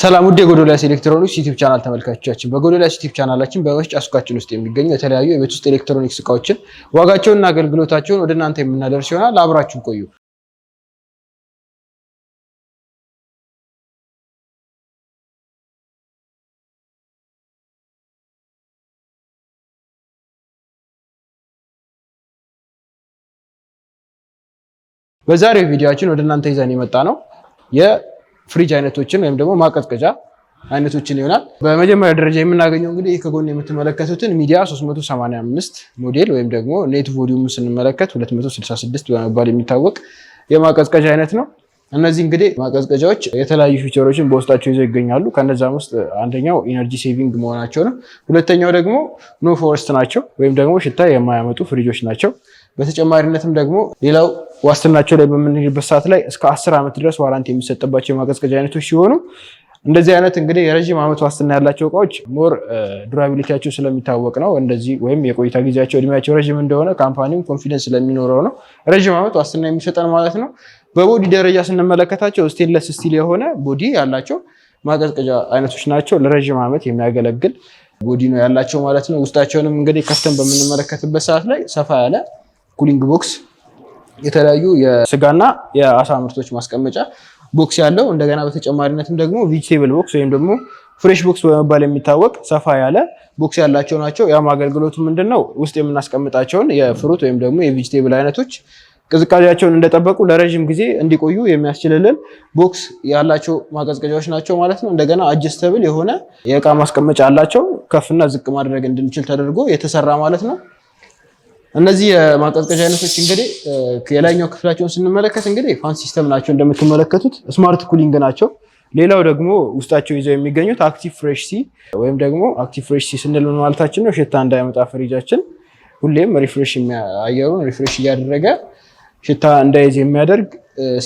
ሰላም ውድ የጎዶልያስ ኤሌክትሮኒክስ ዩቲብ ቻናል ተመልካቾቻችን፣ በጎዶልያስ ዩቲብ ቻናላችን በመሸጫ ሱቃችን ውስጥ የሚገኙ የተለያዩ የቤት ውስጥ ኤሌክትሮኒክስ እቃዎችን ዋጋቸውንና አገልግሎታቸውን ወደ እናንተ የምናደርስ ይሆናል። አብራችሁን ቆዩ። በዛሬው ቪዲዮአችን ወደ እናንተ ይዘን የመጣ ነው ፍሪጅ አይነቶችን ወይም ደግሞ ማቀዝቀዣ አይነቶችን ይሆናል። በመጀመሪያ ደረጃ የምናገኘው እንግዲህ ይህ ከጎን የምትመለከቱትን ሚዲያ 385 ሞዴል ወይም ደግሞ ኔት ቮሊዩም ስንመለከት 266 በመባል የሚታወቅ የማቀዝቀዣ አይነት ነው። እነዚህ እንግዲህ ማቀዝቀዣዎች የተለያዩ ፊቸሮችን በውስጣቸው ይዘው ይገኛሉ። ከነዛም ውስጥ አንደኛው ኢነርጂ ሴቪንግ መሆናቸው ነው። ሁለተኛው ደግሞ ኖ ፎረስት ናቸው ወይም ደግሞ ሽታ የማያመጡ ፍሪጆች ናቸው። በተጨማሪነትም ደግሞ ሌላው ዋስትናቸው ላይ በምንሄድበት ሰዓት ላይ እስከ አስር ዓመት ድረስ ዋራንት የሚሰጥባቸው የማቀዝቀዣ አይነቶች ሲሆኑ እንደዚህ አይነት እንግዲህ የረዥም ዓመት ዋስትና ያላቸው እቃዎች ሞር ዱራቢሊቲያቸው ስለሚታወቅ ነው። እንደዚህ ወይም የቆይታ ጊዜያቸው እድሜያቸው ረዥም እንደሆነ ካምፓኒው ኮንፊደንስ ስለሚኖረው ነው ረዥም ዓመት ዋስትና የሚሰጠን ማለት ነው። በቦዲ ደረጃ ስንመለከታቸው ስቴንለስ ስቲል የሆነ ቦዲ ያላቸው ማቀዝቀዣ አይነቶች ናቸው። ለረዥም ዓመት የሚያገለግል ቦዲ ነው ያላቸው ማለት ነው። ውስጣቸውንም እንግዲህ ከፍተን በምንመለከትበት ሰዓት ላይ ሰፋ ያለ ኩሊንግ ቦክስ፣ የተለያዩ የስጋና የአሳ ምርቶች ማስቀመጫ ቦክስ ያለው እንደገና በተጨማሪነትም ደግሞ ቬጅቴብል ቦክስ ወይም ደግሞ ፍሬሽ ቦክስ በመባል የሚታወቅ ሰፋ ያለ ቦክስ ያላቸው ናቸው። ያም አገልግሎቱ ምንድን ነው? ውስጥ የምናስቀምጣቸውን የፍሩት ወይም ደግሞ የቬጅቴብል አይነቶች ቅዝቃዜያቸውን እንደጠበቁ ለረዥም ጊዜ እንዲቆዩ የሚያስችልልን ቦክስ ያላቸው ማቀዝቀዣዎች ናቸው ማለት ነው። እንደገና አጀስተብል የሆነ የእቃ ማስቀመጫ አላቸው። ከፍና ዝቅ ማድረግ እንድንችል ተደርጎ የተሰራ ማለት ነው። እነዚህ የማቀዝቀዣ አይነቶች እንግዲህ የላይኛው ክፍላቸውን ስንመለከት እንግዲህ ፋን ሲስተም ናቸው እንደምትመለከቱት፣ ስማርት ኩሊንግ ናቸው። ሌላው ደግሞ ውስጣቸው ይዘው የሚገኙት አክቲቭ ፍሬሽ ሲ ወይም ደግሞ አክቲቭ ፍሬሽ ሲ ስንል ምን ማለታችን ነው? ሽታ እንዳይመጣ ፍሪጃችን ሁሌም ሪፍሬሽ አየሩን ሪፍሬሽ እያደረገ ሽታ እንዳይዝ የሚያደርግ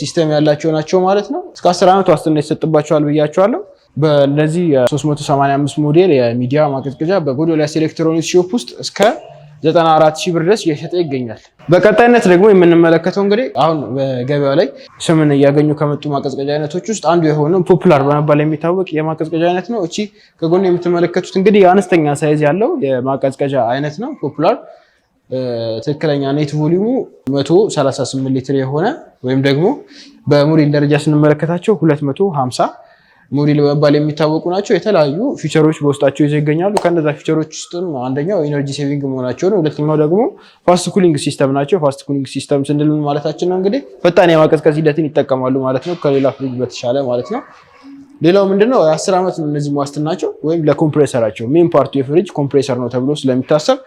ሲስተም ያላቸው ናቸው ማለት ነው። እስከ አስር ዓመት ዋስትና ይሰጥባቸዋል ብያቸዋለሁ። በእነዚህ 385 ሞዴል የሚዲያ ማቀዝቀዣ በጎዶልያስ ኤሌክትሮኒክስ ሾፕ ውስጥ እስከ 94 ሺህ ብር ድረስ እየሸጠ ይገኛል። በቀጣይነት ደግሞ የምንመለከተው እንግዲህ አሁን በገበያ ላይ ስምን እያገኙ ከመጡ ማቀዝቀዣ አይነቶች ውስጥ አንዱ የሆነው ፖፑላር በመባል የሚታወቅ የማቀዝቀዣ አይነት ነው። እቺ ከጎን የምትመለከቱት እንግዲህ የአነስተኛ ሳይዝ ያለው የማቀዝቀዣ አይነት ነው። ፖፑላር ትክክለኛ ኔት ቮሊሙ 138 ሊትር የሆነ ወይም ደግሞ በሙሪል ደረጃ ስንመለከታቸው 250 ሞዴል በመባል የሚታወቁ ናቸው። የተለያዩ ፊቸሮች በውስጣቸው ይዘው ይገኛሉ። ከነዛ ፊቸሮች ውስጥም አንደኛው ኢነርጂ ሴቪንግ መሆናቸው ነው። ሁለተኛው ደግሞ ፋስት ኩሊንግ ሲስተም ናቸው። ፋስት ኩሊንግ ሲስተም ስንል ምን ማለታችን ነው? እንግዲህ ፈጣን የማቀዝቀዝ ሂደትን ይጠቀማሉ ማለት ነው፣ ከሌላ ፍሪጅ በተሻለ ማለት ነው። ሌላው ምንድነው የአስር ዓመት ነው እነዚህ ዋስትናቸው ወይም ለኮምፕሬሰራቸው ሜን ፓርቱ የፍሪጅ ኮምፕሬሰር ነው ተብሎ ስለሚታሰብ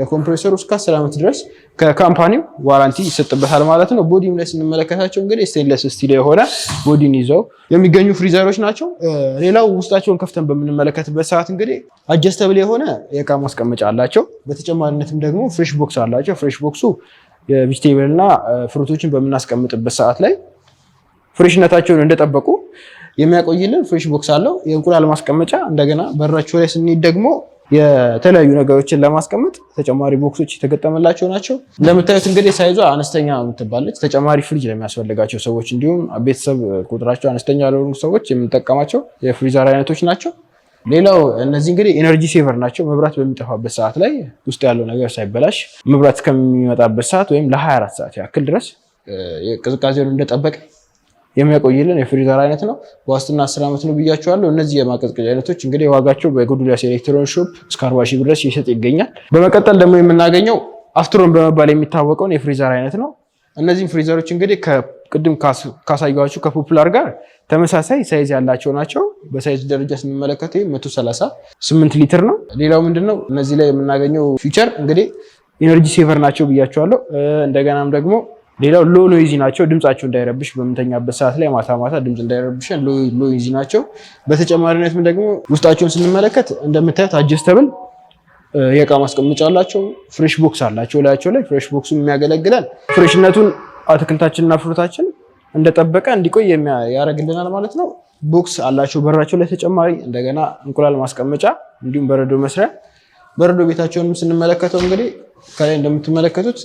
ለኮምፕሬሰሩ እስከ አስር ዓመት ድረስ ከካምፓኒው ዋራንቲ ይሰጥበታል ማለት ነው። ቦዲም ላይ ስንመለከታቸው እንግዲህ ስቴንለስ ስቲል የሆነ ቦዲን ይዘው የሚገኙ ፍሪዘሮች ናቸው። ሌላው ውስጣቸውን ከፍተን በምንመለከትበት ሰዓት እንግዲህ አጀስተብል የሆነ የእቃ ማስቀመጫ አላቸው። በተጨማሪነትም ደግሞ ፍሬሽ ቦክስ አላቸው። ፍሬሽ ቦክሱ የቪጅቴብል እና ፍሩቶችን በምናስቀምጥበት ሰዓት ላይ ፍሬሽነታቸውን እንደጠበቁ የሚያቆይልን ፍሬሽ ቦክስ አለው። የእንቁላል ማስቀመጫ እንደገና በራቸው ላይ ስንሄድ ደግሞ የተለያዩ ነገሮችን ለማስቀመጥ ተጨማሪ ቦክሶች የተገጠመላቸው ናቸው። እንደምታዩት እንግዲህ ሳይዟ አነስተኛ የምትባለች ተጨማሪ ፍሪጅ ለሚያስፈልጋቸው ሰዎች እንዲሁም ቤተሰብ ቁጥራቸው አነስተኛ ለሆኑ ሰዎች የምንጠቀማቸው የፍሪዘር አይነቶች ናቸው። ሌላው እነዚህ እንግዲህ ኤነርጂ ሴቨር ናቸው። መብራት በሚጠፋበት ሰዓት ላይ ውስጥ ያለው ነገር ሳይበላሽ መብራት ከሚመጣበት ሰዓት ወይም ለ24 ሰዓት ያክል ድረስ ቅዝቃዜውን እንደጠበቀ የሚያቆይልን የፍሪዘር አይነት ነው። በዋስትና አስር ዓመት ነው ብያቸዋለሁ። እነዚህ የማቀዝቀዣ አይነቶች እንግዲህ ዋጋቸው በጎዶልያስ ኤሌክትሮን ሾፕ እስከ አርባ ሺህ ብር ድረስ ይገኛል። በመቀጠል ደግሞ የምናገኘው አፍትሮን በመባል የሚታወቀውን የፍሪዘር አይነት ነው። እነዚህም ፍሪዘሮች እንግዲህ ቅድም ካሳየኋችሁ ከፖፑላር ጋር ተመሳሳይ ሳይዝ ያላቸው ናቸው። በሳይዝ ደረጃ ስንመለከት መቶ ሰላሳ ስምንት ሊትር ነው። ሌላው ምንድን ነው እነዚህ ላይ የምናገኘው ፊቸር እንግዲህ ኢነርጂ ሴቨር ናቸው ብያቸዋለሁ። እንደገናም ደግሞ ሌላው ሎ ኖይዚ ናቸው፣ ድምጻቸው እንዳይረብሽ በምንተኛበት ሰዓት ላይ ማታ ማታ ድምጽ እንዳይረብሽን ሎ ኖይዚ ናቸው። በተጨማሪነት ደግሞ ውስጣቸውን ስንመለከት እንደምታዩት አጀስተብል የእቃ ማስቀመጫ አላቸው። ፍሬሽ ቦክስ አላቸው ላያቸው ላይ ፍሬሽ ቦክሱ የሚያገለግለን ፍሬሽነቱን አትክልታችንና ፍሩታችን እንደጠበቀ እንዲቆይ ያደርግልናል ማለት ነው። ቦክስ አላቸው በራቸው ላይ ተጨማሪ እንደገና እንቁላል ማስቀመጫ እንዲሁም በረዶ መስሪያ። በረዶ ቤታቸውንም ስንመለከተው እንግዲህ ከላይ እንደምትመለከቱት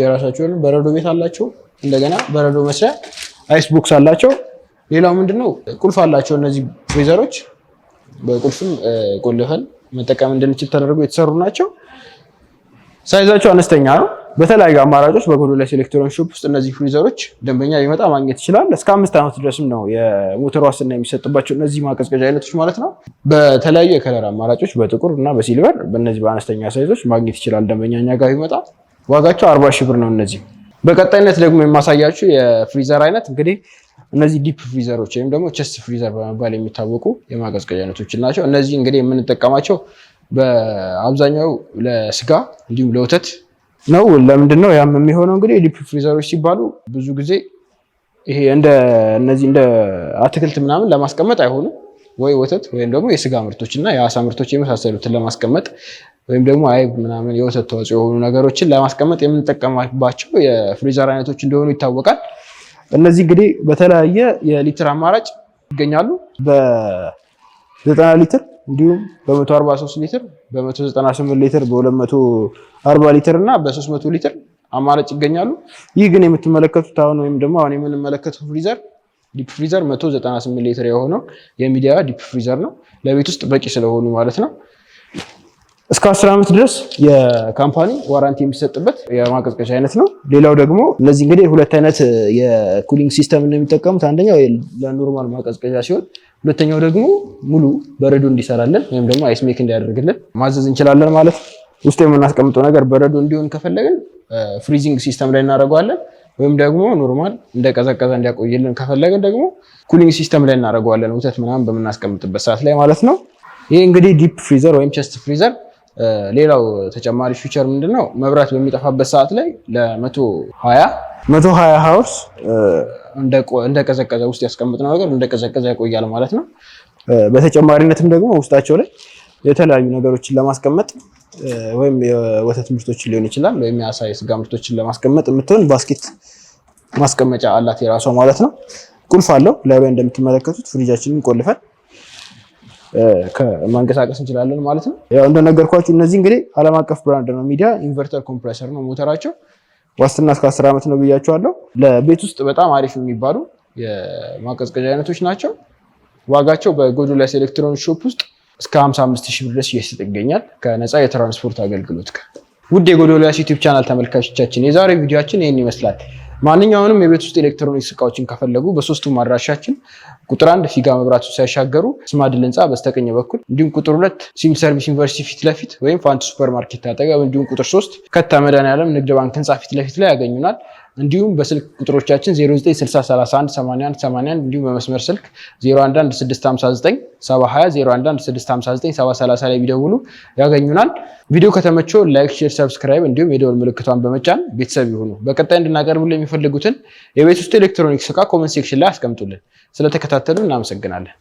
የራሳቸው በረዶ ቤት አላቸው። እንደገና በረዶ መስሪያ አይስ ቦክስ አላቸው። ሌላው ምንድነው ቁልፍ አላቸው። እነዚህ ፍሪዘሮች በቁልፍም ቆልፈን መጠቀም እንድንችል ተደርገው የተሰሩ ናቸው። ሳይዛቸው አነስተኛ ነው። በተለያዩ አማራጮች በጎዶልያስ ኤሌክትሮኒክስ ሾፕ ውስጥ እነዚህ ፍሪዘሮች ደንበኛ ሊመጣ ማግኘት ይችላል። እስከ አምስት ዓመት ድረስም ነው የሞተር ዋስትና የሚሰጥባቸው እነዚህ ማቀዝቀዣ አይነቶች ማለት ነው። በተለያዩ የከለር አማራጮች በጥቁር እና በሲልቨር በእነዚህ በአነስተኛ ሳይዞች ማግኘት ይችላል ደንበኛ እኛ ጋር ቢመጣ። ዋጋቸው አርባ ሺህ ብር ነው። እነዚህ በቀጣይነት ደግሞ የማሳያችሁ የፍሪዘር አይነት እንግዲህ እነዚህ ዲፕ ፍሪዘሮች ወይም ደግሞ ቸስት ፍሪዘር በመባል የሚታወቁ የማቀዝቀዣ አይነቶች ናቸው። እነዚህ እንግዲህ የምንጠቀማቸው በአብዛኛው ለስጋ እንዲሁም ለወተት ነው። ለምንድን ነው ያም የሚሆነው? እንግዲህ ዲፕ ፍሪዘሮች ሲባሉ ብዙ ጊዜ ይሄ እንደ እነዚህ እንደ አትክልት ምናምን ለማስቀመጥ አይሆኑም ወይ ወተት ወይም ደግሞ የስጋ ምርቶች እና የአሳ ምርቶች የመሳሰሉትን ለማስቀመጥ ወይም ደግሞ አይብ ምናምን የወተት ተዋጽኦ የሆኑ ነገሮችን ለማስቀመጥ የምንጠቀምባቸው የፍሪዘር አይነቶች እንደሆኑ ይታወቃል። እነዚህ እንግዲህ በተለያየ የሊትር አማራጭ ይገኛሉ። በ90 ሊትር እንዲሁም በ143 ሊትር፣ በ198 ሊትር፣ በ240 ሊትር እና በ300 ሊትር አማራጭ ይገኛሉ። ይህ ግን የምትመለከቱት አሁን ወይም ደግሞ አሁን የምንመለከተው ፍሪዘር ዲፕ ፍሪዘር 198 ሊትር የሆነው የሚዲያ ዲፕ ፍሪዘር ነው። ለቤት ውስጥ በቂ ስለሆኑ ማለት ነው። እስከ 10 ዓመት ድረስ የካምፓኒ ዋራንቲ የሚሰጥበት የማቀዝቀዣ አይነት ነው። ሌላው ደግሞ እነዚህ እንግዲህ ሁለት አይነት የኩሊንግ ሲስተም ነው የሚጠቀሙት። አንደኛው ለኖርማል ማቀዝቀዣ ሲሆን፣ ሁለተኛው ደግሞ ሙሉ በረዶ እንዲሰራለን ወይም ደግሞ አይስ ሜክ እንዲያደርግልን ማዘዝ እንችላለን ማለት ነው። ውስጥ የምናስቀምጠው ነገር በረዶ እንዲሆን ከፈለግን ፍሪዚንግ ሲስተም ላይ እናደርገዋለን ወይም ደግሞ ኖርማል እንደቀዘቀዘ እንዲያቆይልን ከፈለግን ደግሞ ኩሊንግ ሲስተም ላይ እናደርገዋለን፣ ውተት ምናምን በምናስቀምጥበት ሰዓት ላይ ማለት ነው። ይህ እንግዲህ ዲፕ ፍሪዘር ወይም ቸስት ፍሪዘር ሌላው ተጨማሪ ፊቸር ምንድነው? መብራት በሚጠፋበት ሰዓት ላይ ለ ሀያ መቶ ሀያ ሀውርስ እንደቀዘቀዘ ውስጥ ያስቀምጥነው ነገር እንደቀዘቀዘ ያቆያል ማለት ነው። በተጨማሪነትም ደግሞ ውስጣቸው ላይ የተለያዩ ነገሮችን ለማስቀመጥ ወይም የወተት ምርቶችን ሊሆን ይችላል ወይም የአሳ የስጋ ምርቶችን ለማስቀመጥ የምትሆን ባስኬት ማስቀመጫ አላት የራሷ ማለት ነው። ቁልፍ አለው። ላይ እንደምትመለከቱት ፍሪጃችንን ቆልፈን ማንቀሳቀስ እንችላለን ማለት ነው። ያው እንደነገርኳችሁ እነዚህ እንግዲህ ዓለም አቀፍ ብራንድ ነው። ሚዲያ ኢንቨርተር ኮምፕሬሰር ነው ሞተራቸው። ዋስትና እስከ አስር ዓመት ነው ብያቸዋለሁ። ለቤት ውስጥ በጣም አሪፍ የሚባሉ የማቀዝቀዣ አይነቶች ናቸው። ዋጋቸው በጎዶልያስ ኤሌክትሮኒክስ ሾፕ ውስጥ እስከ 55 ሺህ ብር ድረስ እየሰጥ ይገኛል ከነፃ የትራንስፖርት አገልግሎት ጋር። ውድ የጎዶልያስ ዩቲዩብ ቻናል ተመልካቾቻችን የዛሬ ቪዲዮችን ይህን ይመስላል። ማንኛውንም የቤት ውስጥ ኤሌክትሮኒክስ እቃዎችን ከፈለጉ በሶስቱ አድራሻችን ቁጥር አንድ ፊጋ መብራቱ ሲያሻገሩ ስማድል ህንፃ በስተቀኝ በኩል እንዲሁም ቁጥር ሁለት ሲቪል ሰርቪስ ዩኒቨርሲቲ ፊት ለፊት ወይም ፋንት ሱፐር ማርኬት አጠገብ እንዲሁም ቁጥር ሶስት ከታ መድኃኔዓለም ንግድ ባንክ ህንፃ ፊት ለፊት ላይ ያገኙናል። እንዲሁም በስልክ ቁጥሮቻችን 0960318181 እንዲሁም በመስመር ስልክ 011659 ላይ ቢደውሉ ያገኙናል። ቪዲዮ ከተመቾ ላይክ፣ ሼር፣ ሰብስክራይብ እንዲሁም የደወል ምልክቷን በመጫን ቤተሰብ ይሁኑ። በቀጣይ እንድናቀርብልን የሚፈልጉትን የቤት ውስጥ ኤሌክትሮኒክስ እቃ ኮመንት ሴክሽን ላይ አስቀምጡልን። ስለተከታተሉ እናመሰግናለን።